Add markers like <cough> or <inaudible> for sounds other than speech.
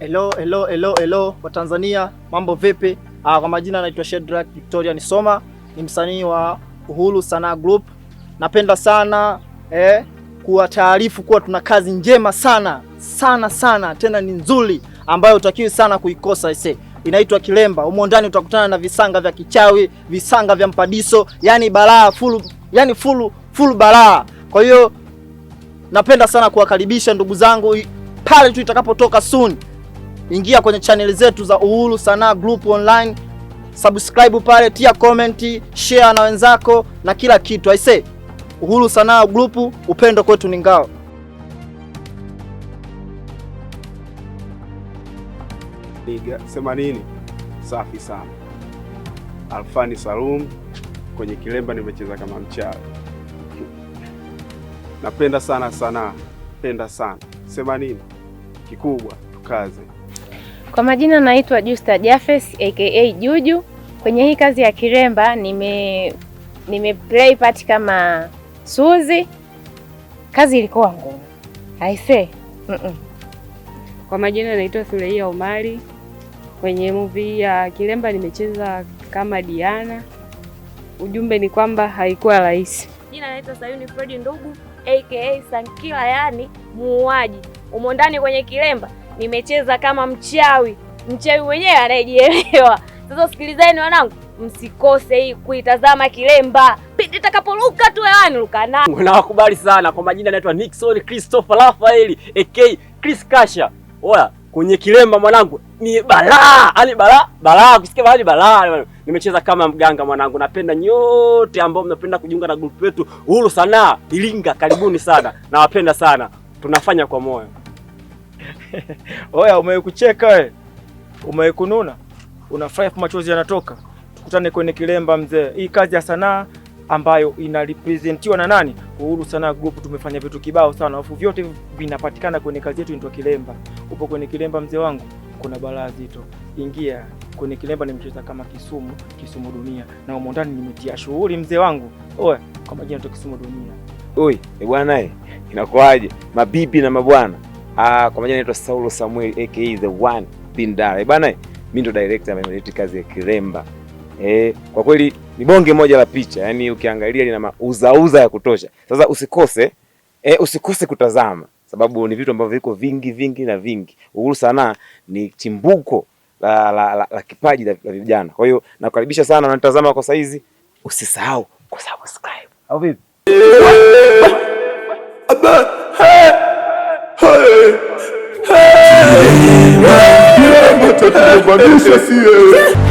Hello, hello, hello, hello kwa Tanzania, mambo vipi? Ah, kwa majina naitwa Shedrack Victoria Nisoma, ni msanii wa Uhuru Sanaa Group. Napenda sana eh, kuwa taarifu kuwa tuna kazi njema sana sana sana tena ni nzuri ambayo utakiwi sana kuikosa ise inaitwa Kilemba. Humo ndani utakutana na visanga vya kichawi, visanga vya mpadiso, yani balaa fulu, yani fulu fulu balaa. Kwa hiyo napenda sana kuwakaribisha ndugu zangu pale tu itakapotoka soon ingia kwenye channel zetu za Uhuru Sanaa Group Online, subscribe pale, tia comment, share na wenzako na kila kitu. say Uhuru Sanaa Group, upendo kwetu ni ngao. Themanini safi sana. Alfani Salum kwenye kilemba nimecheza kama mchawi. Napenda sana sanaa, penda sana. Themanini kikubwa, tukaze. Kwa majina naitwa Justa Jafes aka Juju. Kwenye hii kazi ya kiremba nime play part kama Suzi. Kazi ilikuwa ngumu say. mm -mm. Kwa majina naitwa Suleia Omari. Kwenye movie ya kiremba nimecheza kama Diana. Ujumbe ni kwamba haikuwa rahisi. Jina naitwa Sayuni Fred Ndugu aka Sankila, yani muuaji. Umo ndani kwenye kiremba nimecheza kama mchawi, mchawi mwenyewe anayejielewa. Sasa sikilizeni wanangu, msikose hii kuitazama Kilemba pindi itakaporuka tu hewani. Lukana nawakubali sana. Kwa majina anaitwa Nixon Christopher Rafael AK Chris Kasha. Oya, kwenye Kilemba mwanangu ni balaa, yani balaa balaa, kusikia bali balaa. Nimecheza kama mganga mwanangu. Napenda nyote ambao mnapenda kujiunga na grupu yetu Uhuru Sanaa Iringa, karibuni sana, nawapenda sana, tunafanya kwa moyo. <laughs> Oya, umekucheka we, umeikununa, unafurahi machozi yanatoka. Tukutane kwenye kilemba mzee. Hii kazi ya sanaa ambayo inarepresentiwa na nani? Uhuru Sanaa Group. Tumefanya vitu kibao sana, alafu vyote vinapatikana kwenye kazi yetu inaitwa Kilemba. Upo kwenye Kilemba mzee wangu, kuna balaa zito, ingia kwenye Kilemba. Nimecheza kama Kisumu, Kisumu Dunia, na umo ndani nimetia shughuli mzee wangu. Oya, kwa majina tu Kisumu Dunia. Oi bwana, eh. inakuaje mabibi na mabwana Ah, kwa majina naitwa Saulo Samuel aka the one Pindale. Eh, bana, mimi ndo director ameleta kazi ya Kiremba. Eh, kwa kweli ni bonge moja la picha. Yaani ukiangalia lina mauzauza ya kutosha. Sasa usikose eh, usikose kutazama sababu ni vitu ambavyo viko vingi vingi na vingi. Uhuru Sanaa ni chimbuko la, la, la, la kipaji la vijana. Kwa hiyo nakukaribisha sana, unanitazama kwa saizi, usisahau kusubscribe au vipi? tanto no banco, eu assim. Eu...